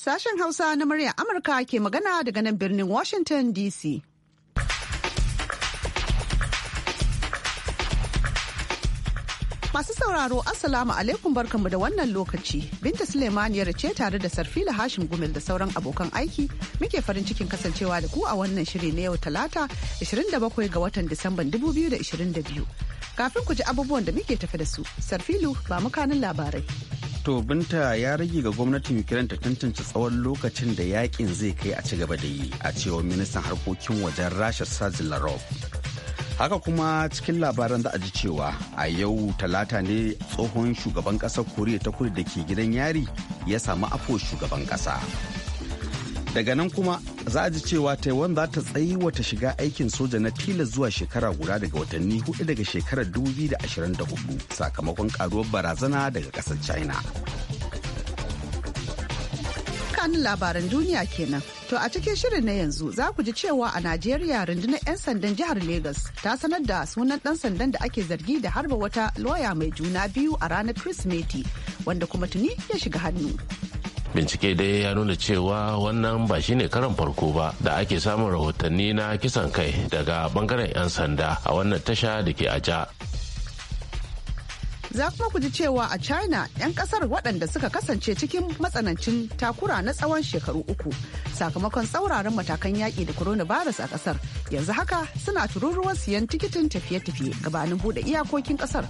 Sashen Hausa na muryar Amurka ke magana daga nan birnin Washington DC. Masu sauraro Assalamu alaikum barkanmu da wannan lokaci. Binta Suleimaniyar ce tare da Sarfila Hashim Gumel da sauran abokan aiki muke farin cikin kasancewa da ku a wannan shiri na yau Talata 27 ga watan Disamban 2022. Kafin ku ji abubuwan da muke tafi da su, Sarfilu ba mu mukanin labarai. To binta ya rage ga gwamnatin Ukraine ta tantance tsawon lokacin da yakin zai kai a ci gaba da yi a cewar ministan harkokin wajen Rasha sajin Larov. Haka kuma cikin labaran za a ji cewa a yau talata ne tsohon shugaban ƙasar Koriya ta kudu da ke gidan yari ya samu afo shugaban ƙasa. daga nan kuma za a ji cewa taiwan za ta tsayi wata shiga aikin soja na tilas zuwa shekara guda daga watanni hudu daga shekarar 2024 sakamakon karuwar barazana daga kasar china kanin labaran duniya kenan to a cikin shirin na yanzu za ku ji cewa a najeriya rundunar 'yan sandan jihar lagos ta sanar da sunan dan sandan da ake zargi da harba wata loya mai juna biyu a ranar kirsimeti wanda kuma tuni ya shiga hannu bincike dai ya nuna cewa wannan ba shine karan farko ba da ake samun rahotanni na kisan kai daga bangaren 'yan sanda a wannan tasha da ke aja za kuma ku ji cewa a china 'yan kasar waɗanda suka kasance cikin matsanancin takura na tsawon shekaru uku sakamakon tsauraran matakan yaƙi da coronavirus a kasar yanzu haka suna tururuwan siyan tikitin tafiye-tafiye gabanin buɗe iyakokin kasar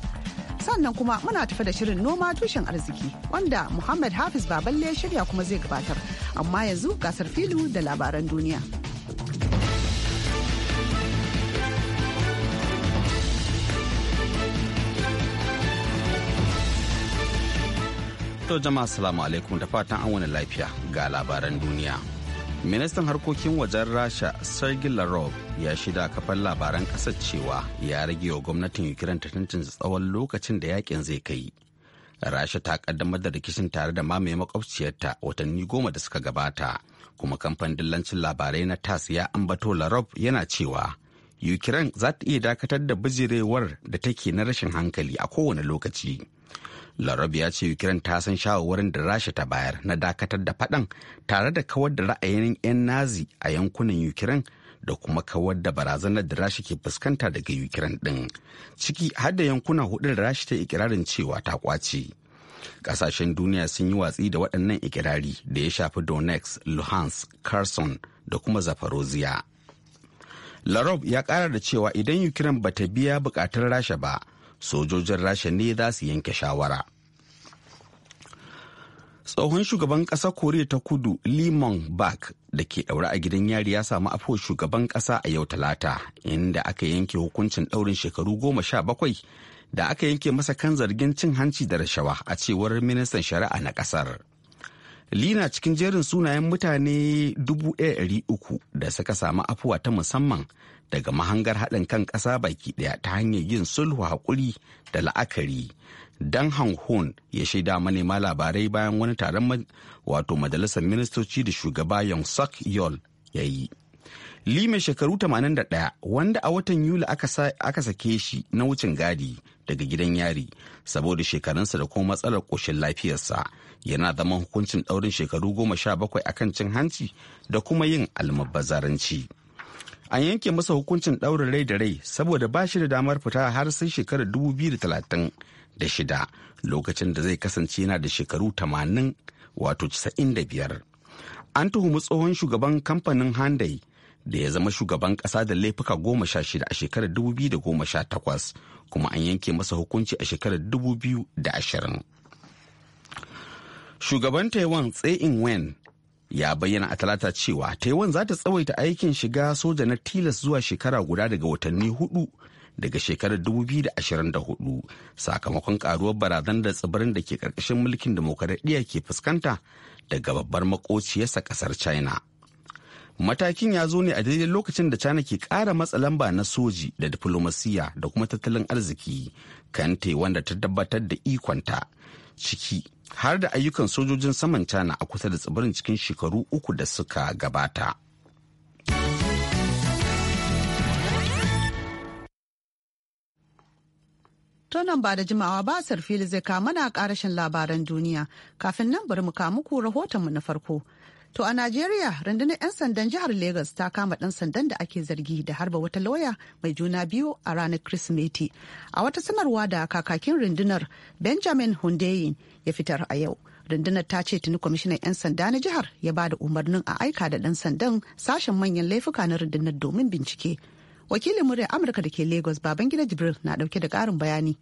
sannan kuma muna tafi da shirin noma tushen arziki wanda muhammad hafiz baballe shirya kuma zai gabatar amma yanzu gasar filu da labaran duniya to jama'a salamu alaikum da fatan an wani lafiya ga labaran duniya ministan harkokin wajen rasha sergei larov ya shida kafan labaran kasar cewa ya rage wa gwamnatin ukraine ta tantance tsawon lokacin da yakin zai kai rasha ta kaddamar da rikicin tare da mamaye makwabciyarta watanni goma da suka gabata kuma kamfanin dillancin labarai na tas ya ambato larov yana cewa ukraine za ta iya dakatar da bijirewar da take na rashin hankali a kowane lokaci Lavrov ya ce Ukraine ta san shawarwarin da Rasha ta bayar na dakatar da faɗan tare da kawar da ra'ayin 'yan Nazi a yankunan Ukraine da kuma kawar da barazanar da Rasha ke fuskanta daga Ukraine din. Ciki har da yankuna hudu da Rasha ta ikirarin cewa ta kwace. Kasashen duniya sun yi watsi da waɗannan ikirari da ya shafi Donetsk, Luhansk, Kherson da kuma Zaporozhye. Larob ya ƙara da cewa idan Ukraine ba ta biya buƙatar Rasha ba, sojojin Rasha ne za su yanke shawara. tsohon shugaban ƙasa koriya ta kudu limon bak da ke ɗaure a gidan yari ya samu afuwar shugaban ƙasa a yau talata inda aka yanke hukuncin ɗaurin shekaru goma sha bakwai da aka yanke masa kan zargin cin hanci da rashawa a cewar ministan shari'a na ƙasar lina cikin jerin sunayen mutane uku da suka samu afuwa ta musamman daga mahangar haɗin kan ƙasa baki ɗaya ta hanyar yin sulhu haƙuri da la'akari dan hun ya shaida manema labarai bayan wani taron wato majalisar ministoci da shugaba yong sak yol ya yi Li mai shekaru 81 wanda a watan Yuli aka sake shi na wucin gadi daga gidan yari saboda shekarunsa da kuma matsalar ƙoshin lafiyarsa yana zama hukuncin ɗaurin shekaru 17 kan cin hanci da kuma yin almabazaranci An yanke masa hukuncin ɗaurin rai da rai saboda ba shi da damar fita har sai shekarar 2030 da shida lokacin da zai kasance yana da shekaru tamanin wato casa'in An tuhumi tsohon shugaban kamfanin Hyundai da ya zama shugaban ƙasa da laifuka goma sha shida a shekarar 2018 kuma an yanke masa hukunci a shekarar 2020. Shugaban Taiwan Tsai Ing-wen ya bayyana a talata cewa taiwan za ta tsawaita aikin shiga soja na tilas zuwa shekara guda daga watanni hudu daga shekarar 2024 sakamakon karuwar barazan da tsibirin da ke karkashin mulkin demokaradiyya ke fuskanta daga babbar makociyarsa kasar china matakin ya zo ne a daidai lokacin da china ke kara matsa lamba na soji da diflomasiya da kuma tattalin arziki kan wanda ta tabbatar da ikonta ciki har da ayyukan sojojin saman china a kusa da tsibirin cikin shekaru uku da suka gabata. To nan ba da jimawa ba sarfili zai mana na karashin labaran duniya kafin nan bari mu muku mu na farko. To a Najeriya rundunar 'yan sandan jihar Legas ta kama ɗan sandan da ake zargi da harba wata lauya mai juna biyu a ranar Kirsimeti. A wata sanarwa da kakakin rundunar Benjamin Hundeyi ya fitar a yau. Rundunar ta ce tuni kwamishinan 'yan sanda na jihar ya ba da umarnin a aika da ɗan sandan sashen manyan laifuka na rundunar domin bincike. wakilin murya amurka da ke lagos babangida jibril na dauke da karin bayani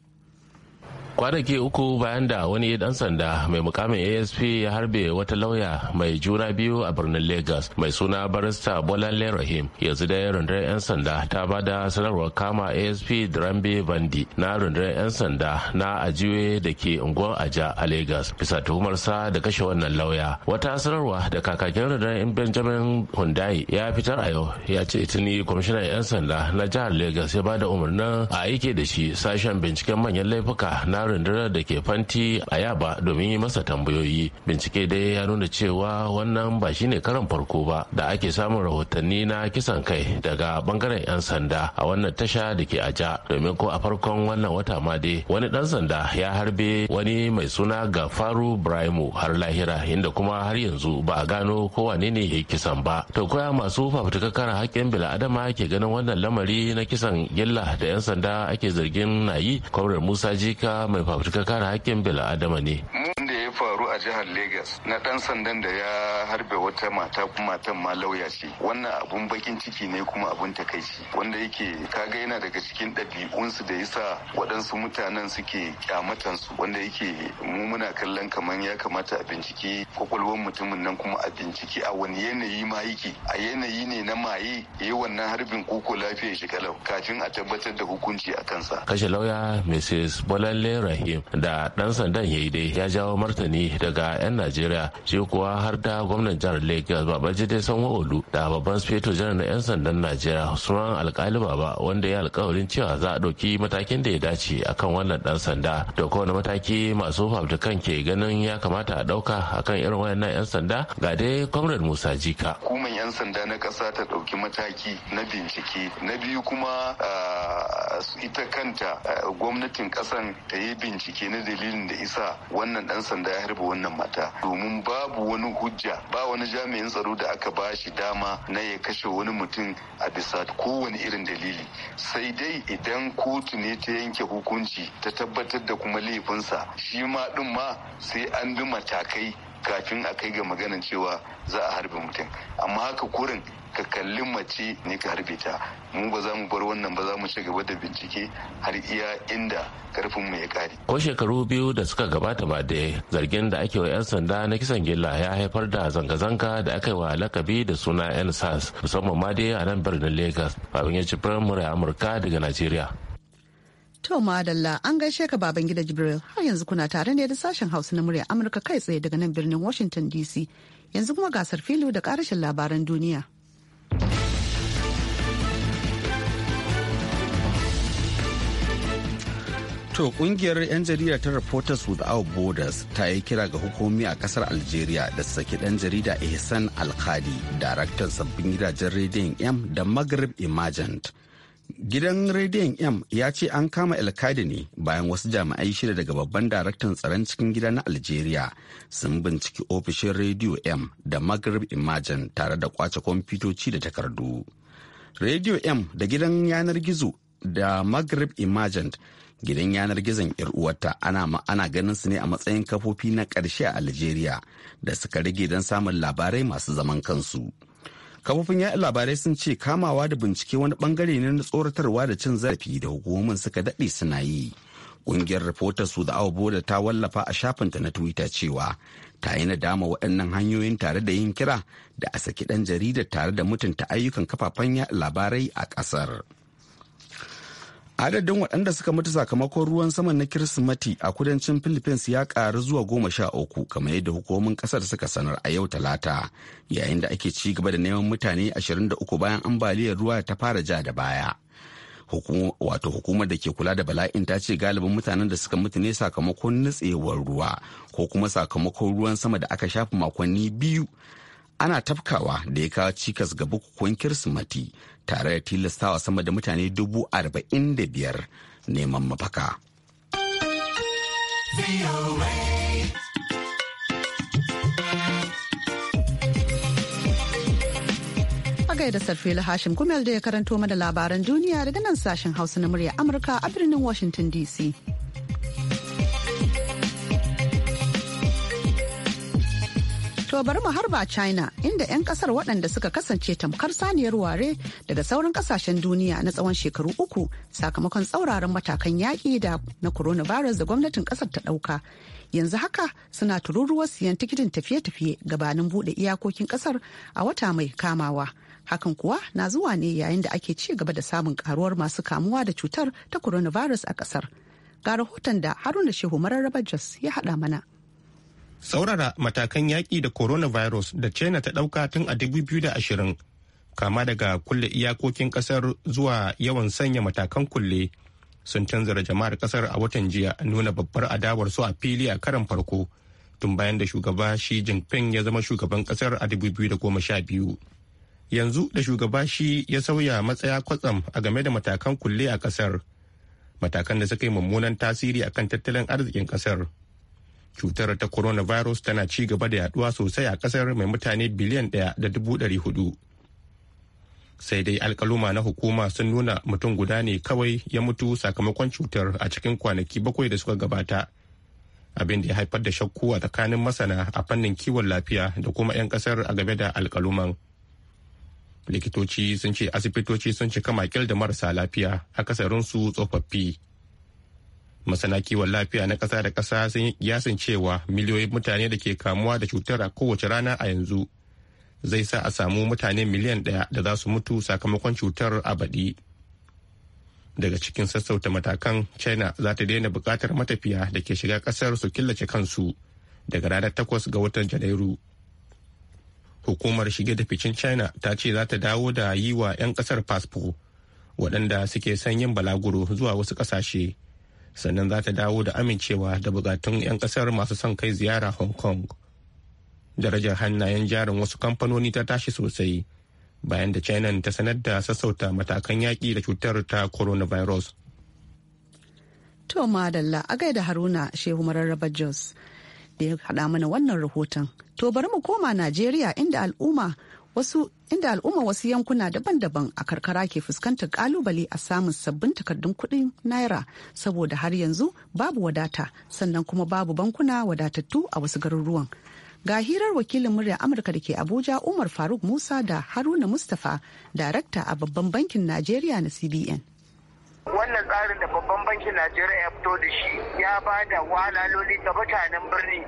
kwanaki uku bayan da wani dan sanda mai mukamin asp ya harbe wata lauya mai juna biyu a birnin Legas, mai suna barista Bolan rahim yanzu dai rundunar 'yan sanda ta ba da sanarwar kama asp drambe bandi na rundunar 'yan sanda na ajiwe da ke unguwar aja a lagos bisa sa da kashe wannan lauya wata sanarwa da kakakin rundunar benjamin hundayi ya fitar a yau ya ce tuni kwamishinan 'yan sanda na jihar Legas ya ba da umarnin a aike da shi sashen binciken manyan laifuka na rundunar da ke fanti a yaba domin yi masa tambayoyi bincike dai ya nuna cewa wannan ba shine karan farko ba da ake samun rahotanni na kisan kai daga bangaren 'yan sanda a wannan tasha da ke aja domin ko a farkon wannan wata ma dai wani dan sanda ya harbe wani mai suna gafaru brahimu har lahira inda kuma har yanzu ba a gano ko wane ne ya kisan ba to koya masu fafutukar kare haƙƙin bil'adama ke ganin wannan lamari na kisan gilla da 'yan sanda ake zargin na yi kwamrar musa jika mai fafutukar kare haƙƙin bil'adama ne. faru a jihar Legas na ɗan sandan da ya harbe wata mata kuma matan ma lauya ce. Wannan abun bakin ciki ne kuma abun takaici wanda yake kaga yana daga cikin ɗabi'unsu da yasa waɗansu mutanen suke kyamatansu wanda yake mu muna kallon kamar ya kamata a binciki kwakwalwar mutumin nan kuma a binciki a wani yanayi ma yake a yanayi ne na maye yayi wannan harbin koko lafiya shi kalau kafin a tabbatar da hukunci a kansa. Kashe lauya Mrs. Bolalle Rahim da ɗan sandan ya yi dai ya jawo martani martani daga 'yan najeriya shi kuwa har da gwamnan jihar lagos babajide sanwo-olu da babban speto janar na 'yan sandan najeriya suran alkali baba wanda ya alkawarin cewa za a ɗauki matakin da ya dace akan wannan dan sanda da kowane mataki masu fafutukan ke ganin ya kamata a ɗauka akan irin wayannan 'yan sanda ga dai kwamrad musa jika hukumar 'yan sanda na ƙasa ta ɗauki mataki na bincike na biyu kuma ah, ita kanta ah, gwamnatin ƙasan ta yi bincike na dalilin da isa wannan ɗan sanda da ya harba wannan mata domin babu wani hujja ba wani jami'in tsaro da aka ba shi dama na ya kashe wani mutum a bisa kowane irin dalili sai dai idan kotu ne ta yanke hukunci ta tabbatar da kuma laifinsa shi ma din ma sai an bi matakai kafin a kai ga maganar cewa za a harbe mutum amma haka kurin ka kalli mace ne ka harbe ta mu ba za mu bar wannan ba za mu ci gaba da bincike har iya inda karfin mu ya kare ko shekaru biyu da suka gabata ba da zargin da ake wa 'yan sanda na kisan gilla ya haifar da zanga-zanga da aka yi wa lakabi da suna 'yan sas musamman ma dai a nan birnin lagos babin ya ci firamare amurka daga nigeria. To Madalla an gaishe ka baban gida Jibril har yanzu kuna tare ne da sashen Hausa na murya Amurka kai tsaye daga nan birnin Washington DC. Yanzu kuma gasar fili da karashin labaran duniya. To kungiyar 'yan jarida ta Reporters Without Borders ta yi kira ga hukumi a kasar Algeria da su saki dan jarida Ihsan Alkhadi, daraktan sabbin gidajen rediyon M da Maghrib Emergent. Gidan rediyon M ya ce an kama Alkhadi ne bayan wasu jami'ai shida daga babban daraktan tsaron cikin gida na Algeria sun binciki ofishin rediyo M da Maghrib Emergent tare da kwace kwamfutoci da takardu. Rediyo M da gidan yanar gizo da Maghrib Emergent gidan yanar gizon yar uwarta ana ana ganin su ne a matsayin kafofi na ƙarshe a Algeria da suka rage don samun labarai masu zaman kansu. Kafofin ya labarai sun ce kamawa da bincike wani bangare ne na tsoratarwa da cin zarafi da hukumomin suka daɗe suna yi. Ƙungiyar Reporters Without boda ta wallafa a shafinta na Twitter cewa ta yi nadama waɗannan hanyoyin tare da yin kira da a saki ɗan jaridar tare da mutunta ayyukan kafafen yaɗa labarai a ƙasar. adadin waɗanda suka mutu sakamakon ruwan sama na kirsimati a kudancin philippines ya ƙaru zuwa goma sha uku kamar yadda hukumomin ƙasar suka sanar a yau talata yayin da ake ci gaba da neman mutane 23 bayan ambaliyar ruwa ta fara ja da baya wato hukumar da ke kula da bala'in ta ce galibin mutanen da suka mutu ne sakamakon nutsewar ruwa ko kuma sakamakon ruwan sama da aka shafa makonni biyu ana tafkawa da ya kawo cikas ga bukukuwan kirsimati tare da tilastawa sama da mutane dubu arba'in da biyar neman mafaka. da la Hashim Kumel da ya karanto mana labaran duniya daga nan sashen Hausa na murya Amurka a birnin Washington DC. To bari mu harba China inda 'yan kasar waɗanda suka kasance tamkar saniyar ware daga sauran kasashen duniya na tsawon shekaru uku sakamakon tsauraran matakan yaƙi da na coronavirus da gwamnatin kasar ta ɗauka. Yanzu haka suna tururuwar siyan tikitin tafiye-tafiye gabanin buɗe iyakokin kasar a wata mai kamawa. Hakan kuwa na zuwa ne yayin da ake ci gaba da samun karuwar masu kamuwa da cutar ta coronavirus a kasar. Ga rahoton da Haruna Shehu Mararraba Jos ya haɗa mana. Saurara matakan yaƙi da coronavirus da china ta ɗauka tun a 2020 kama daga kulle iyakokin ƙasar zuwa yawan sanya matakan kulle sun canzara jama'ar ƙasar a watan jiya nuna babbar adawar su a fili a karan farko tun bayan da shugaba shi jinping ya zama shugaban ƙasar a 2012 yanzu da shugaba shi ya sauya matsaya kwatsam a game da matakan kulle a ƙasar matakan da suka yi mummunan tasiri akan tattalin arzikin ƙasar cutar ta coronavirus tana ci gaba da yaduwa sosai a kasar mai mutane biliyan ɗaya da dubu ɗari hudu sai dai alkaluma na hukuma sun nuna mutum guda ne kawai ya mutu sakamakon cutar a cikin kwanaki bakwai da suka gabata abin da ya haifar da shakku a tsakanin masana a fannin kiwon lafiya da kuma 'yan kasar a game da alkaluman likitoci sun ce asibitoci sun cika makil da marasa lafiya a kasarinsu tsofaffi masana kiwon lafiya na ƙasa da ƙasa sun yi kiyasin cewa miliyoyin mutane da ke kamuwa da cutar a kowace rana a yanzu zai sa a samu mutane miliyan ɗaya da za su mutu sakamakon cutar a baɗi daga cikin sassauta matakan china za ta daina buƙatar matafiya da ke shiga ƙasar su killace kansu daga ranar takwas ga watan janairu hukumar shige da ficin china ta ce za ta dawo da yi wa 'yan ƙasar fasfo waɗanda suke son yin balaguro zuwa wasu ƙasashe sannan za ta dawo da amincewa da bukatun 'yan kasar masu son kai ziyara hong kong darajar hannayen jarin wasu kamfanoni ta tashi sosai bayan da china ta sanar da sassauta matakan yaƙi da cutar ta coronavirus to madalla a gaida haruna shehu mararraba jos da ya haɗa mana wannan rahoton to bari mu koma najeriya inda al'umma wasu inda al'umma wasu yankuna daban-daban a karkara ke fuskantar kalubale a samun sabbin takardun kuɗin naira saboda har yanzu babu wadata sannan kuma babu bankuna wadatattu a wasu garuruwan ga hirar wakilin murya amurka da ke abuja umar faruk musa da haruna mustapha darakta a babban bankin najeriya na cbn wannan tsarin da babban bankin najeriya ya fito da shi ya ba da walaloli ga mutanen birni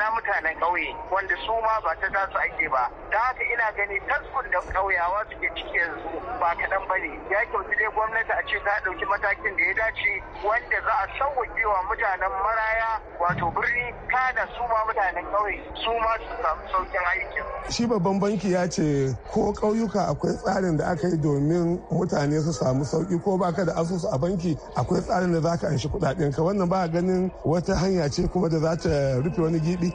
na mutanen ƙauye wanda su ma ba ta su ake ba da haka ina gani taskun da ƙauyawa suke ciki yanzu ba kaɗan ba ne ya kyautu dai gwamnati a ce ta ɗauki matakin da ya dace wanda za a sauwaƙe wa mutanen maraya wato birni kada su ma mutanen ƙauye su ma su samu sauƙin aikin. shi babban banki ya ce ko ƙauyuka akwai tsarin da aka yi domin mutane su samu sauƙi ko baka da asusu a banki akwai tsarin da zaka anshi kudaden ka wannan ba ganin wata hanya ce kuma da za ta rufe wani gibi.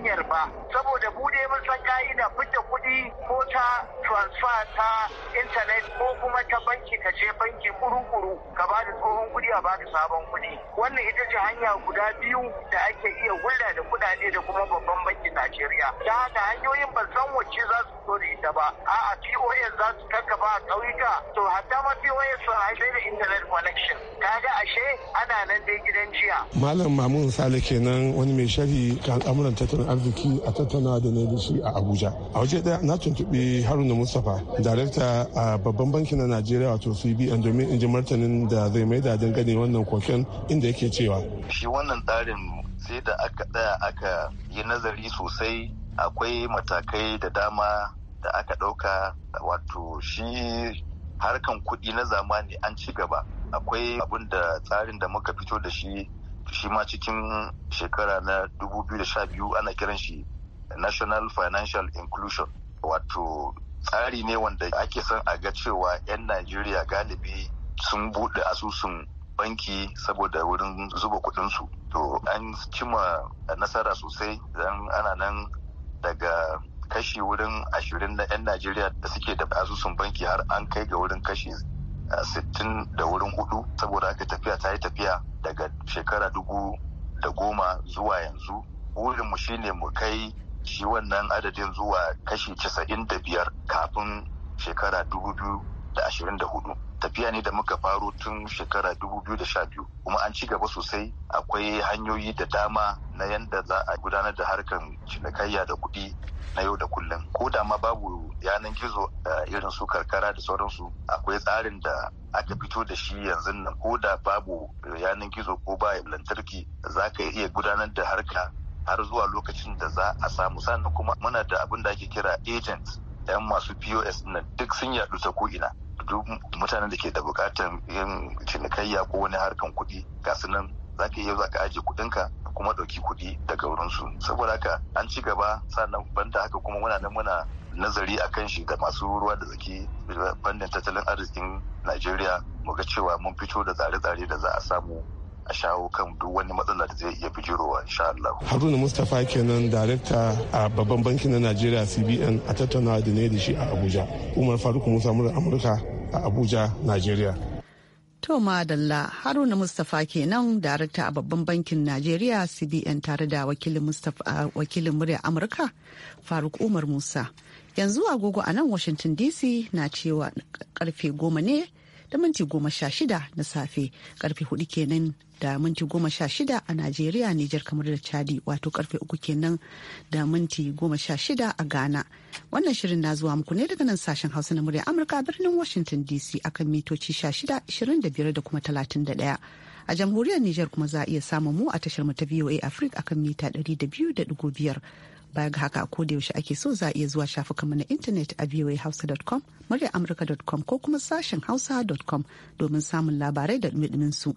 hanyar ba saboda buɗe, mun san ka'ida fita kuɗi ko ta transfer ta intanet ko kuma ta banki ka je banki kuru-kuru ka ba da tsohon kudi a ba da sabon kudi wannan ita ce hanya guda biyu da ake iya hulɗa da kuɗaɗe da kuma babban banki Najeriya da haka hanyoyin ban san wacce za su zo da ita ba a'a POS za su kakkaba a ƙauyuka to hatta ma POS sun haifar da dai gidan jiya. Malam Mamun Sale kenan wani mai shari kan al'amuran tattalin arziki a tattaunawa da na shi a Abuja. A waje ɗaya na tuntuɓi Haruna Mustapha, darakta a babban bankin na Najeriya wato CBN domin in ji martanin da zai mai da dangane wannan koken inda yake cewa. Shi wannan tsarin sai da aka ɗaya aka yi nazari sosai akwai matakai da dama da aka ɗauka wato shi harkan kuɗi na zamani an ci gaba akwai abin da tsarin da muka fito da shi shi ma cikin shekara na 2012 ana kiran shi national financial inclusion wato tsari ne wanda ake son a ga cewa 'yan najeriya galibi sun buɗe asusun banki saboda wurin zuba kudinsu to an cima nasara sosai don ana nan daga kashi wurin ashirin na 'yan najeriya da suke da asusun banki har an kai ga wurin kashi sittin da wurin hudu saboda haka tafiya ta yi tafiya daga shekara dubu da goma zuwa yanzu burinmu shine mu kai shi wannan adadin zuwa kashi casa'in da biyar kafin shekara dubu biyu da ashirin da hudu tafiya ne da muka faro tun shekara dubu biyu da sha biyu kuma an ci gaba sosai akwai hanyoyi da dama na yadda za a gudanar da harkar cinikayya da kuɗi na yau da kullum ko da ma babu yanan gizo eh, irin su karkara da sauransu akwai tsarin da aka fito da shi yanzu nan ko da babu yanan gizo ko ba lantarki za ka iya gudanar da harka har zuwa lokacin da za a samu sannan kuma muna da abin da ake kira agent 'yan masu pos nan duk sun yadu ta ko'ina duk mutanen da ke da bukatan yin cinikayya ko wani harkan kuɗi ga su nan za ka iya za ka ajiye kuɗinka kuma ɗauki kuɗi daga wurinsu saboda haka an ci gaba sannan banda haka kuma muna nan muna nazari a kan shi da masu ruwa da tsaki fannin tattalin arzikin najeriya mu ga cewa mun fito da tsare-tsare da za a samu a shawo kan duk wani matsala da zai iya bijirowa insha Allah. Haruna Mustapha kenan darekta a babban bankin na Najeriya CBN a tattaunawa da ne da shi a Abuja. Umar Faruk Musa murar Amurka a Abuja, Najeriya. To Madalla Haruna Mustapha kenan darakta a babban bankin Najeriya CBN tare da wakilin murya Amurka Faruk Umar Musa. Yanzu agogo a nan Washington DC na cewa karfe goma ne da minti goma sha shida na safe karfe hudu kenan da minti goma sha shida a Najeriya, Nijar kamar da Chadi wato karfe uku kenan da minti goma sha shida a Ghana. Wannan shirin na zuwa muku ne daga nan sashen Hausa na murya Amurka a birnin Washington DC akan mitoci sha shida, ishirin da biyar da kuma talatin da daya a jamhuriyar Nijar kuma za a iya samun mu a tashar mu ta VOA Africa akan mita ɗari da da biyu biyar baya ga haka ko da yaushe ake so za a iya zuwa shafukanmu na intanet a hausa voahausa.com murya com ko kuma sashen hausa hausa.com domin samun labarai da su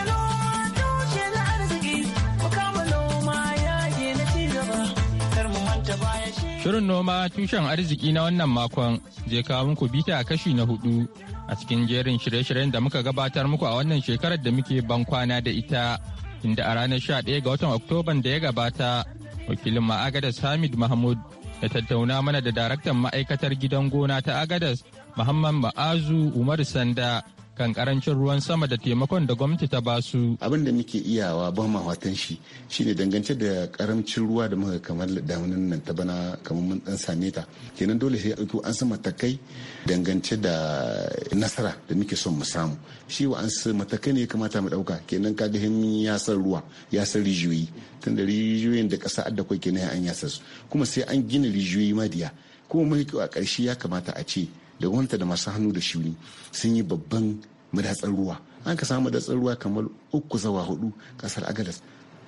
Shirin noma tushen arziki na wannan makon zai kawo muku bita kashi na hudu a cikin jerin shirye-shiryen da muka gabatar muku a wannan shekarar da muke ban kwana da ita inda a ranar sha ɗaya ga watan Oktoban da ya gabata wakilin ma'agadas Hamid Mahmud ya tattauna mana da daraktan ma'aikatar gidan gona ta Agadas Muhammad Ma'azu Umar Sanda kan karancin ruwan sama da taimakon da gwamnati ta ba su. Abin da muke iyawa ba ma watan shi shine dangance da karamcin ruwa da muka kamar damunan nan ta bana kamar mun dan same ta. Kenan dole sai ɗauko an sa matakai dangance da nasara da muke son mu samu. Shi wa an sa matakai ne kamata mu ɗauka kenan kaga hin ya san ruwa ya san rijiyoyi tun da rijiyoyin da ƙasa adda kwai kenan an yasa su kuma sai an gina rijiyoyi madiya kuma mafi a karshe ya kamata a ce da gwamnati da masu hannu da shuni sun yi babban madatsar ruwa an ka samu madatsar ruwa kamar uku zawa hudu kasar agadas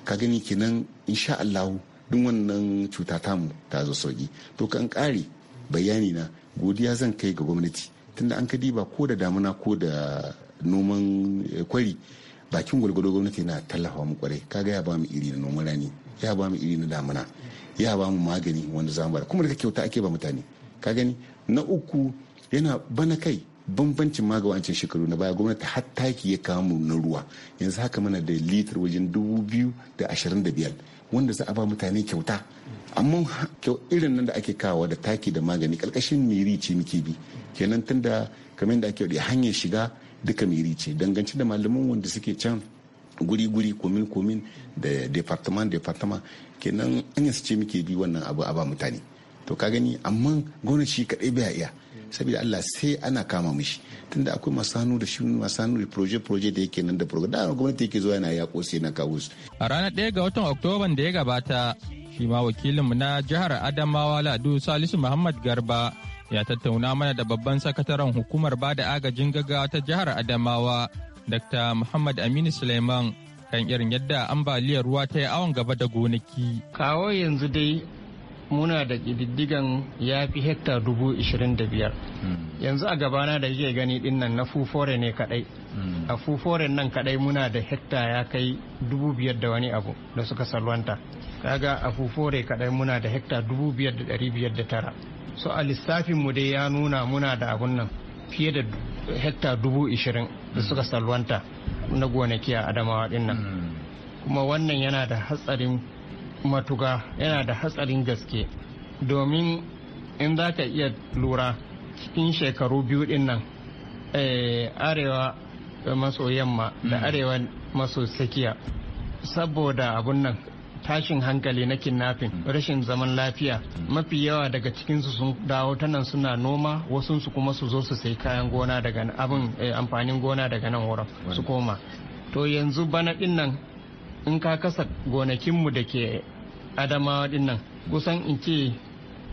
ka gani kenan insha allahu duk wannan cuta tamu ta zo sauki to kan kare bayani na godiya zan kai ga gwamnati tunda an ka diba ko da damuna ko da noman eh, kwari bakin gwalgwado gwamnati na tallafa mu kwarai kaga ya ba mu iri na noman rani ya ba mu iri na damuna ya ba mu magani wanda zamu kuma daga kyauta ake ba mutane ka gani na uku yana bana kai bambancin ma ga wancan shekaru na baya gwamnati har taki ya kamu na ruwa yanzu haka mana da litar wajen dubu biyu da ashirin da biyar wanda za a ba mutane kyauta amma irin nan da ake kawo da taki da magani karkashin miri ce muke bi kenan tunda kamar da ake hanyar shiga duka miri ce dangance da malaman wanda suke can guri-guri komin-komin da departement departement kenan an ce muke bi wannan abu a ba mutane to ka gani amma gona shi kadai bai iya saboda Allah sai ana kama mishi tunda akwai masu hannu da shi masu hannu da proje proje da yake nan da proje da gwamnati yake zuwa yana ya sai na kawo su a ranar 1 ga watan oktoban da ya gabata shi ma wakilinmu na jihar Adamawa Ladu Salisu Muhammad Garba ya tattauna mana da babban sakataren hukumar ba da agajin gaggawa ta jihar Adamawa Dr. Muhammad Aminu Suleiman kan irin yadda ambaliyar ruwa ta yi awon gaba da gonaki. Kawo yanzu dai muna da ƙididdigan ya fi hekta dubu ishirin da biyar hmm. yanzu a gabana da ke gani din nan na fufore ne kadai hmm. a fufore nan kadai muna da hekta ya kai dubu biyar da wani abu da suka salwanta kaga a fufore kadai muna da hekta dubu biyar da dari biyar da tara so a lissafin mu dai ya nuna muna da abun nan fiye da hekta dubu ishirin da hmm. suka salwanta na gonaki a adamawa din nan kuma wannan yana da hatsarin Matuka yana da hatsarin gaske domin in za ka iya lura cikin shekaru biyu din nan eh, arewa maso yamma da hmm. arewa maso tsakiya saboda abun nan tashin hankali na kidnapping hmm. rashin zaman lafiya hmm. mafi yawa daga cikinsu sun dawo ta nan suna noma wasu su kuma su zo su sai kayan gona daga abin eh, amfanin gona daga nan wurin su koma to yanzu bana din in ka kasa gonakinmu da ke adamawa dinnan kusan in ce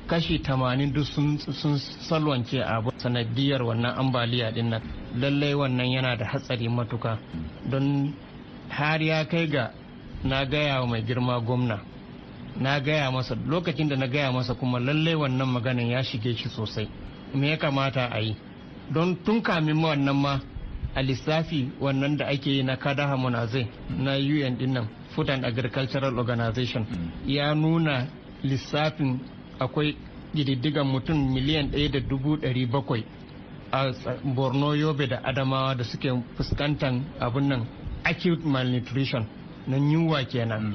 kashi tamanin duk sun salwance a sanadiyar wannan ambaliya din nan lallai wannan yana da hatsari matuka don har ya kai ga na gaya wa mai girma gwamna na gaya masa lokacin da na gaya masa kuma lallai wannan maganin ya shige shi sosai me ya kamata a yi don tun kamin wannan ma a lissafi wannan da ake yi na kada hamunazai na un din nan food and agricultural organization hmm. ya nuna lissafin akwai ƙididdigan mutum miliyan ɗaya da dubu ɗari bakwai a borno yobe da adamawa da suke fuskantar abin nan acute malnutrition na yunwa kenan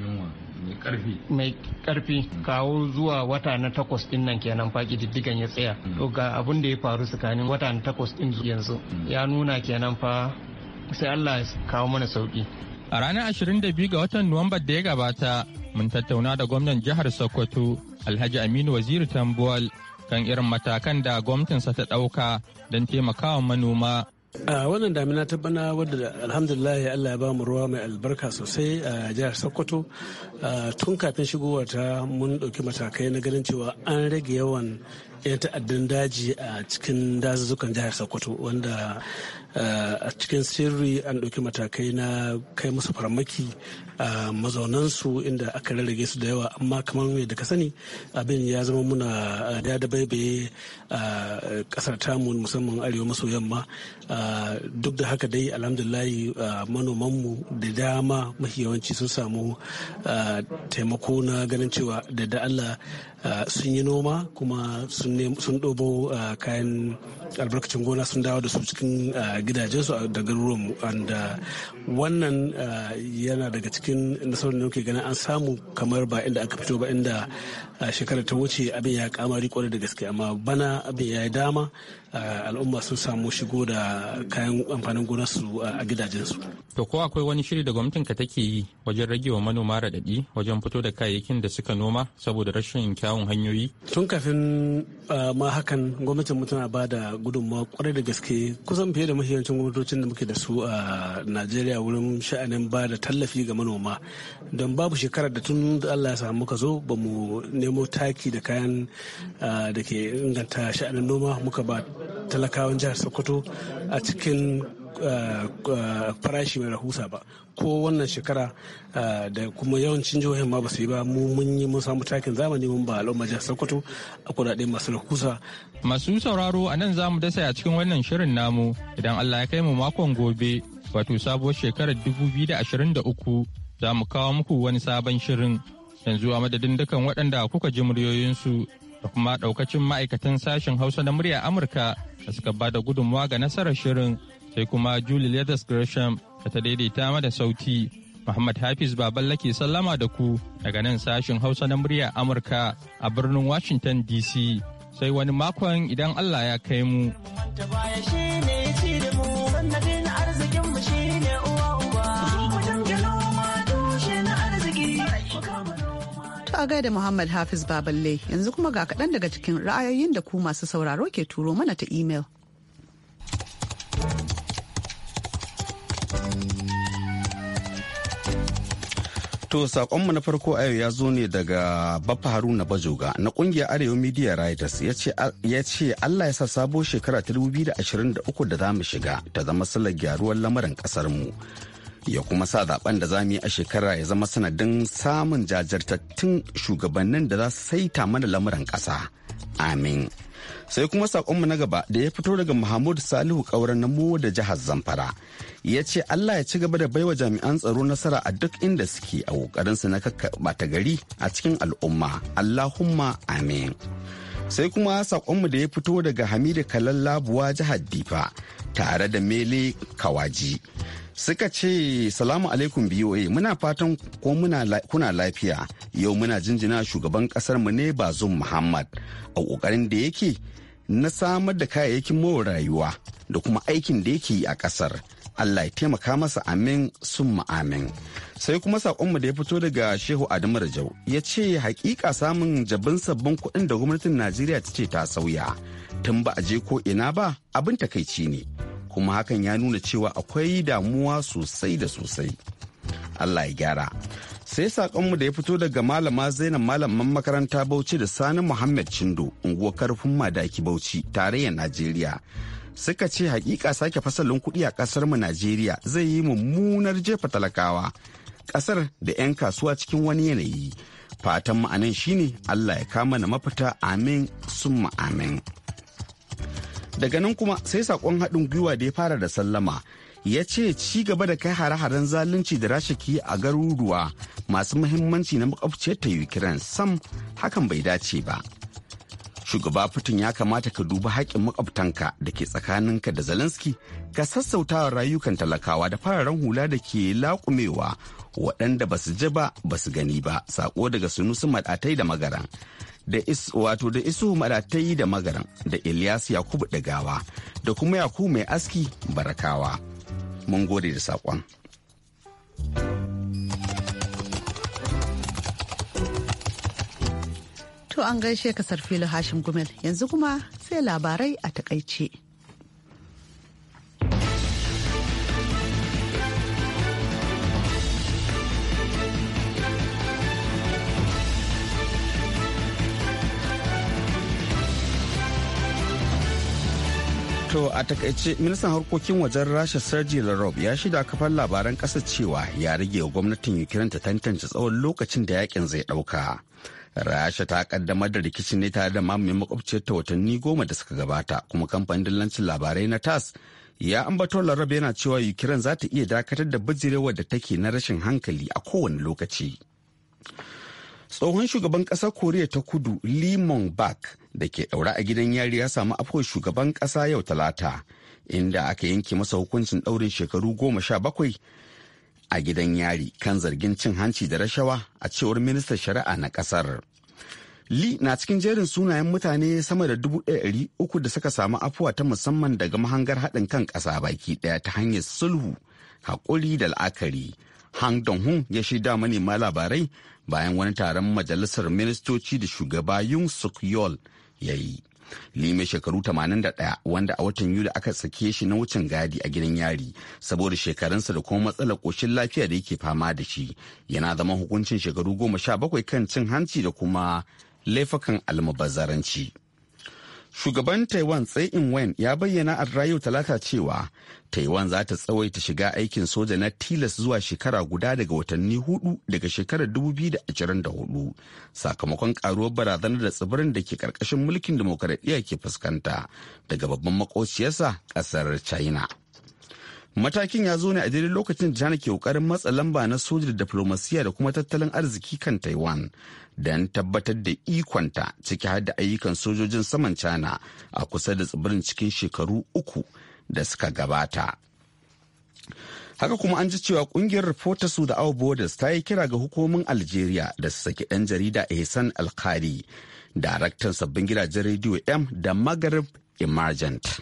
mai karfi hmm. kawo zuwa wata na takwas din nan kenan faƙi diddigan ya tsaya hmm. to ga abin da ya faru tsakanin wata na takwas din yanzu ya nuna kenan fa sai Allah ya kawo mana sauƙi. A ranar 22 ga watan Nuwambar da ya gabata, mun tattauna da gwamnan jihar Sokoto, Alhaji Aminu Waziri Tambuwal, kan irin matakan da gwamnatinsa ta ɗauka don taimakawa manoma. A wannan damina ta bana wadda alhamdulillah Allah ya ba mu ruwa mai albarka sosai a jihar Sokoto tun kafin shigowa ta mun ɗauki matakai na ganin cewa an rage yawan 'yan ta'addan daji a cikin dazuzzukan jihar sokoto wanda Eh, a cikin sirri an ɗauki matakai na kai musu farmaki a eh, mazaunansu inda aka rarrage su da yawa amma kamar yadda ka sani abin ya zama muna ya eh, da baibaye a ƙasar tamu musamman arewa maso yamma Ah, duk da haka dai alhamdulahi ah, manomanmu da dama mafi yawanci sun samu ah, taimako na ganin cewa da da Allah sun yi noma kuma sun ɗobo kayan albarkacin gona sun dawo da su cikin gidajensu da garuruwanmu wanda wannan yana daga cikin nasarar da muke ganin an samu kamar ba inda aka fito ba inda shekarar ta wuce abin ya kamari kwarai da gaske amma bana abin ya yi dama Eh, al'umma sun samu shigo da kayan amfanin gonarsu a gidajensu. To ko akwai wani shiri da gwamnatinka take yi wajen rage wa manoma raɗaɗi wajen fito da kayayyakin da suka noma saboda rashin kyawun hanyoyi? Tun kafin eh, ma hakan gwamnatin tana ba da gudunmawa kwarai da gaske kusan fiye da mahiyancin gwamnatocin da muke da su a Najeriya wurin sha'anin ba da tallafi ga manoma. Don babu shekarar da tun da Allah ya samu muka zo ba mu nemo taki da kayan eh, da ke inganta sha'anin noma muka ba talakawan jihar sokoto a cikin eh, eh, farashi mai rahusa ba ko wannan shekara eh, da kuma yawancin jihohin ma ba su yi ba mu mun yi mun samu takin zamani mun ba al'umma jihar sokoto a kudade masu rahusa masu sauraro a nan zamu dasa a cikin wannan shirin namu idan allah ya kai mu makon gobe wato sabuwar shekarar 2023 za mu kawo muku wani sabon shirin yanzu a madadin dukan waɗanda kuka ji muryoyinsu da kuma daukacin ma'aikatan sashen hausa na murya amurka da suka ba da gudunmawa ga nasarar shirin sai kuma julie leathers gresham da ta daidaita mada sauti muhammad hafiz baballe ke sallama da ku daga nan sashen hausa na murya amurka a birnin washington dc sai wani makon idan allah ya kai mu. ka a da Muhammad Hafiz Baballe yanzu kuma ga kaɗan daga cikin ra'ayoyin da ku masu sauraro ke turo mana ta imel. To sakonmu na farko a yau ya zo ne daga Baffa Haruna Bajoga na kungiyar Arewa Media Writers ya ce Allah ya sa sabo shekara ta 2023 da za mu shiga ta zama salar gyaruwar lamarin kasar mu. ya kuma sa zaben da za yi a shekara ya zama sanadin samun jajirtattun shugabannin da za su saita mana lamuran kasa Amin. Sai kuma saƙonmu na gaba da ya fito daga Muhammadu Salihu Kaura na mu da jihar Zamfara. Ya ce Allah ya ci gaba da baiwa jami'an tsaro nasara a duk inda suke a ƙoƙarinsu na kakka bata gari a cikin al'umma. Allahumma amin. sai kuma saƙonmu da ya fito daga hamidu kalan labuwa jihar difa tare da mele kawaji suka ce salamu alaikum boa muna fatan ko kuna lafiya yau muna jinjina shugaban kasar mu ne bazum muhammad a ƙoƙarin da yake na samar da kayayyakin more rayuwa da kuma aikin da yake yi a ƙasar Allah ya taimaka masa amin sun amin. Sai kuma saƙonmu da ya fito daga Shehu Adamu Rajau ya ce hakika samun jabin sabbin kuɗin da gwamnatin Najeriya ta ce ta sauya tun ba a je ko ina ba abin takaici ne. Kuma hakan ya nuna cewa akwai damuwa sosai da sosai. Allah ya gyara. Sai saƙonmu da ya fito daga malama Zainab malaman makaranta Bauchi da Sani Muhammad Chindo unguwar karfin madaki Bauchi tarayyar Najeriya. suka ce hakika sake fasalin kuɗi a ƙasar mu Najeriya zai yi mummunar jefa talakawa ƙasar da 'yan kasuwa cikin wani yanayi. Fatan ma'anin shine Allah ya kama na mafita amin summa amin. Daga nan kuma sai saƙon haɗin gwiwa da ya fara da sallama. ya ce ci gaba da kai hare-haren zalunci da rasha a garuruwa masu muhimmanci na makwabciyar ta ukraine sam hakan bai dace ba shugaba putin ya kamata ka duba haƙƙin makwabtanka da ke tsakaninka da zelensky ka sassautawa rayukan talakawa da fararen hula da ke laƙumewa waɗanda ba su ji ba ba su gani ba saƙo daga sunusu maɗatai da magaran da is wato da isu maɗatai da magaran da ilyas yakubu gawa da kuma yakubu mai aski barakawa mun gode da saƙon. To an gaishe ka sarfilu Hashim Gumel yanzu kuma sai labarai a takaice. To a takaice ministan harkokin wajen rasha Sergei Lavrov ya shida kafar labaran ƙasa cewa ya rage gwamnatin Ukraine ta tantance tsawon lokacin da yakin zai ɗauka. rasha ta kaddamar da rikicin ne tare da mamaye makwabciyarta ta watanni goma da suka gabata kuma kamfanin dillancin labarai na tas ya ambato laraba yana cewa ukraine za ta iya dakatar da bujirewar da take na rashin hankali a kowane lokaci tsohon shugaban ƙasar koriya ta kudu limon bak da ke ɗaura a gidan yari ya samu afuwar shugaban ƙasa yau talata inda aka yanke masa hukuncin ɗaurin shekaru goma sha bakwai a gidan yari kan zargin cin hanci da rashawa a cewar ministan shari'a na kasar. Li na cikin jerin sunayen mutane sama da dubu ɗari uku da suka samu afuwa ta musamman daga mahangar haɗin kan ƙasa baki ɗaya ta hanyar sulhu, haƙuri da la'akari. Hang Dong-hun ya shaida manema labarai bayan wani taron majalisar ministoci da shugaba Yun Suk Yol ya yi. mai shekaru 81 wanda a watan yuli aka sake shi na wucin gadi a gidan yari saboda shekarunsa da kuma matsalar koshin lafiya da yake fama da shi yana zama hukuncin shekaru sha bakwai kan cin hanci da kuma laifukan almubazzaranci. Shugaban Taiwan Tsai Ing-wen ya bayyana a rayu talata cewa Taiwan za ta tsawaita shiga aikin soja na tilas zuwa shekara guda daga watanni hudu daga shekarar 2024 sakamakon karuwar barazanar da tsibirin da ke karkashin mulkin demokaradiyya ke fuskanta daga babban makociyarsa kasar China. Matakin ya zo ne a daidai lokacin da ke kokarin matsa lamba na soja da diplomasiya da kuma tattalin arziki kan Taiwan don tabbatar da ikonta ciki har da ayyukan sojojin saman China a kusa da tsibirin cikin shekaru uku da suka gabata. Haka kuma an ji cewa kungiyar da Without Borders ta yi kira ga hukumomin Algeria da su saki ɗan jarida Ehsan Alkhari, daraktan sabbin gidajen rediyo M da Maghreb Emergent.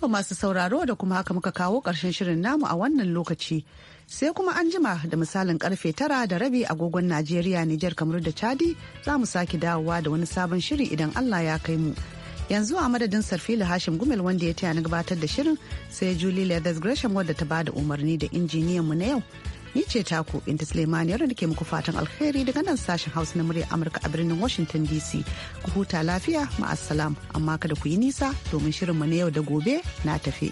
To masu sauraro da kuma haka muka kawo ƙarshen shirin namu a wannan lokaci. Sai kuma an jima da misalin karfe tara da rabi agogon Najeriya, Nijar, kamar da Chadi za mu sake dawowa da wani sabon shiri idan Allah ya kai mu. Yanzu a madadin Sarfili Hashim Gumel wanda ya taya na gabatar da shirin sai Julie Leathers Gresham wadda ta bada umarni da injiniyan mu na yau. ni ce taku inda suleimani da nake muku fatan alheri daga nan sashen hausa na muryar amurka a birnin washington dc ku huta lafiya ma'assalam amma kada ku yi nisa domin shirin mu na yau da gobe na tafi.